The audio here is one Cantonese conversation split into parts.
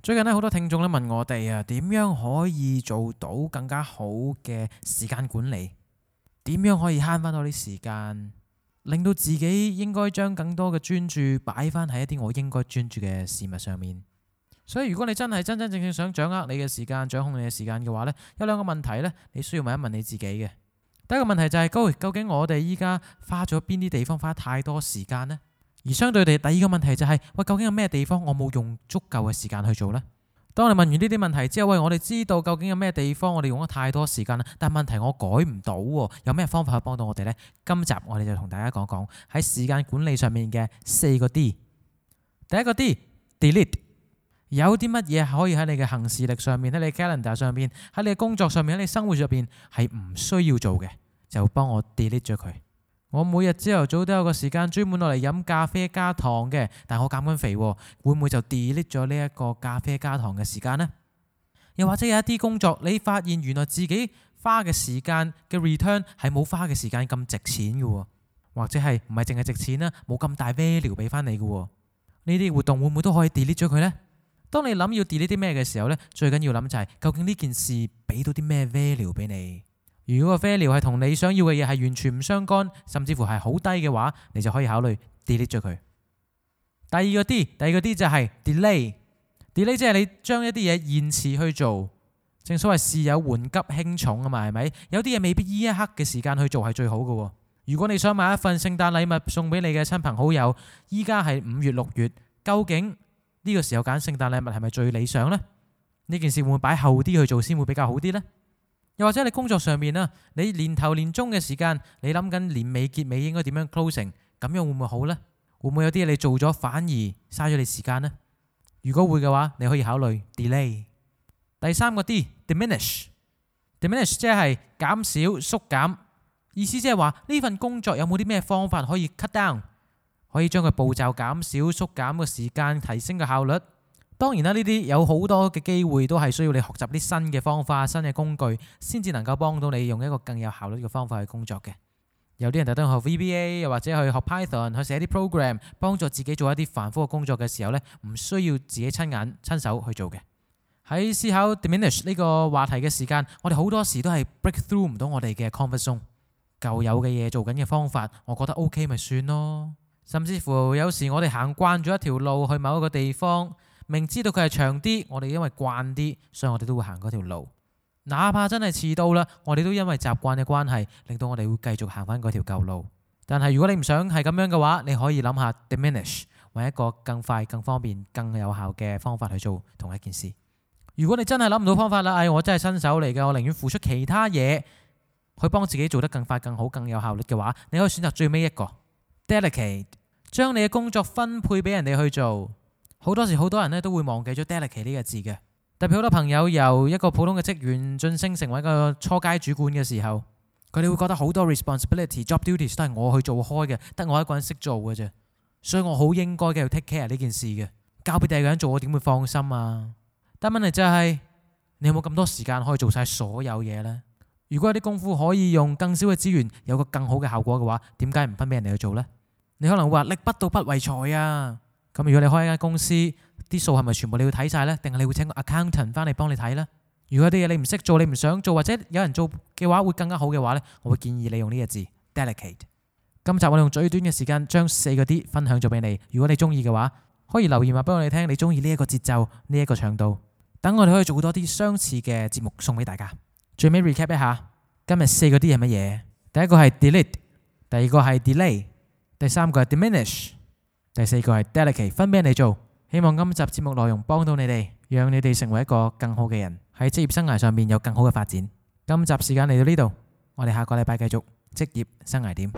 最近呢，好多聽眾呢問我哋啊，點樣可以做到更加好嘅時間管理？點樣可以慳翻多啲時間，令到自己應該將更多嘅專注擺翻喺一啲我應該專注嘅事物上面？所以如果你真係真真正正想掌握你嘅時間，掌控你嘅時間嘅話呢，有兩個問題呢，你需要問一問你自己嘅。第一個問題就係，究竟我哋依家花咗邊啲地方花太多時間呢？而相對地，第二個問題就係、是、喂，究竟有咩地方我冇用足夠嘅時間去做呢？當你哋問完呢啲問題之後，喂，我哋知道究竟有咩地方我哋用咗太多時間啦。但係問題我改唔到，有咩方法可以幫到我哋呢？今集我哋就同大家講講喺時間管理上面嘅四個 D。第一個 D，delete，有啲乜嘢可以喺你嘅行事曆上面、喺你嘅 calendar 上面、喺你嘅工作上面、喺你生活上邊係唔需要做嘅，就幫我 delete 咗佢。我每日朝頭早都有個時間專門落嚟飲咖啡加糖嘅，但我減緊肥，會唔會就 delete 咗呢一個咖啡加糖嘅時間呢？又或者有一啲工作，你發現原來自己花嘅時間嘅 return 係冇花嘅時間咁值錢嘅，或者係唔係淨係值錢啦，冇咁大 value 俾翻你嘅？呢啲活動會唔會都可以 delete 咗佢呢？當你諗要 delete 啲咩嘅時候呢，最緊要諗就係究竟呢件事俾到啲咩 value 俾你。如果個 feedback 係同你想要嘅嘢係完全唔相干，甚至乎係好低嘅話，你就可以考慮 delete 咗佢。第二個 D，第二個 D 就係 delay。delay 即係你將一啲嘢延遲去做。正所謂事有緩急輕重啊嘛，係咪？有啲嘢未必依一刻嘅時間去做係最好嘅。如果你想買一份聖誕禮物送俾你嘅親朋好友，依家係五月六月，究竟呢個時候揀聖誕禮物係咪最理想呢？呢件事會唔會擺後啲去做先會比較好啲呢？又或者你工作上面啊，你年頭年中嘅時間，你諗緊年尾結尾應該點樣 closing，咁樣會唔會好呢？會唔會有啲嘢你做咗反而嘥咗你時間呢？如果會嘅話，你可以考慮 delay。第三個 D，diminish，diminish 即係減少、縮減，意思即係話呢份工作有冇啲咩方法可以 cut down，可以將佢步驟減少、縮減嘅時間、提升個效率。當然啦，呢啲有好多嘅機會都係需要你學習啲新嘅方法、新嘅工具，先至能夠幫到你用一個更有效率嘅方法去工作嘅。有啲人特登學 VBA，又或者去學 Python 去寫啲 program，幫助自己做一啲繁複嘅工作嘅時候呢，唔需要自己親眼親手去做嘅。喺思考 diminish 呢個話題嘅時間，我哋好多時都係 break through 唔到我哋嘅 comfort zone。舊有嘅嘢做緊嘅方法，我覺得 OK 咪算咯。甚至乎有時我哋行慣咗一條路去某一個地方。明知道佢係長啲，我哋因為慣啲，所以我哋都會行嗰條路。哪怕真係遲到啦，我哋都因為習慣嘅關係，令到我哋會繼續行返嗰條舊路。但係如果你唔想係咁樣嘅話，你可以諗下 Diminish，搵一個更快、更方便、更有效嘅方法去做同一件事。如果你真係諗唔到方法啦，唉，我真係新手嚟嘅，我寧願付出其他嘢去幫自己做得更快、更好、更有效率嘅話，你可以選擇最尾一個 Delegate，將你嘅工作分配俾人哋去做。好多時，好多人咧都會忘記咗 delicate 呢個字嘅。特別好多朋友由一個普通嘅職員晉升成為一個初階主管嘅時候，佢哋會覺得好多 responsibility、job duties 都係我去做開嘅，得我一個人識做嘅啫，所以我好應該嘅要 take care 呢件事嘅。交俾第二個人做，我點會放心啊？但問題就係，你有冇咁多時間可以做晒所有嘢呢？如果有啲功夫可以用更少嘅資源，有個更好嘅效果嘅話，點解唔分俾人哋去做呢？你可能會話力不到不為財啊。咁如果你開一間公司，啲數係咪全部你要睇晒呢？定係你會請個 accountant 翻嚟幫你睇呢？如果有啲嘢你唔識做，你唔想做，或者有人做嘅話，會更加好嘅話呢，我會建議你用呢一個字 delegate。今集我哋用最短嘅時間將四個 D 分享咗俾你。如果你中意嘅話，可以留言話俾我哋聽，你中意呢一個節奏，呢、這、一個長度。等我哋可以做好多啲相似嘅節目送俾大家。最尾 recap 一下，今日四個 D 係乜嘢？第一個係 delete，第二個係 delay，第三個係 diminish。第四個係 delegate，分俾你做。希望今集節目內容幫到你哋，讓你哋成為一個更好嘅人，喺職業生涯上面有更好嘅發展。今集時間嚟到呢度，我哋下個禮拜繼續職業生涯點。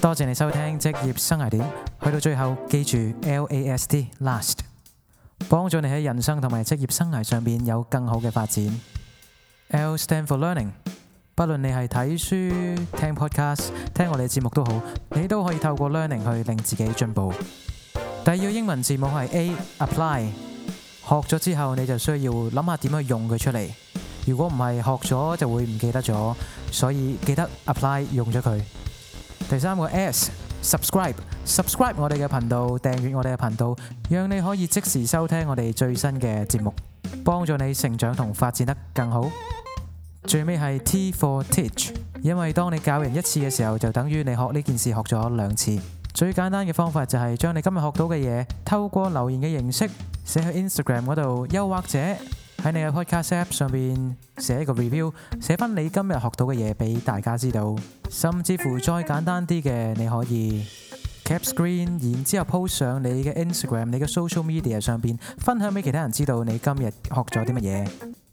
多謝你收聽職業生涯點。去到最後，記住 LAST last，幫助你喺人生同埋職業生涯上面有更好嘅發展。L stand for learning。不論你係睇書、聽 podcast、聽我哋節目都好，你都可以透過 learning 去令自己進步。第二個英文字母係 A，Apply，學咗之後你就需要諗下點去用佢出嚟。如果唔係學咗就會唔記得咗，所以記得 Apply 用咗佢。第三個 S，Subscribe。Subscribe 我哋嘅頻道，訂閱我哋嘅頻道，讓你可以即時收聽我哋最新嘅節目，幫助你成長同發展得更好。最尾係 T for Teach，因為當你教人一次嘅時候，就等於你學呢件事學咗兩次。最簡單嘅方法就係將你今日學到嘅嘢，透過留言嘅形式寫去 Instagram 嗰度，又或者喺你嘅 Podcast App 上邊寫一個 Review，寫翻你今日學到嘅嘢俾大家知道。甚至乎再簡單啲嘅，你可以 cap screen，然之後 post 上你嘅 Instagram、你嘅 Social Media 上邊分享俾其他人知道你今日學咗啲乜嘢。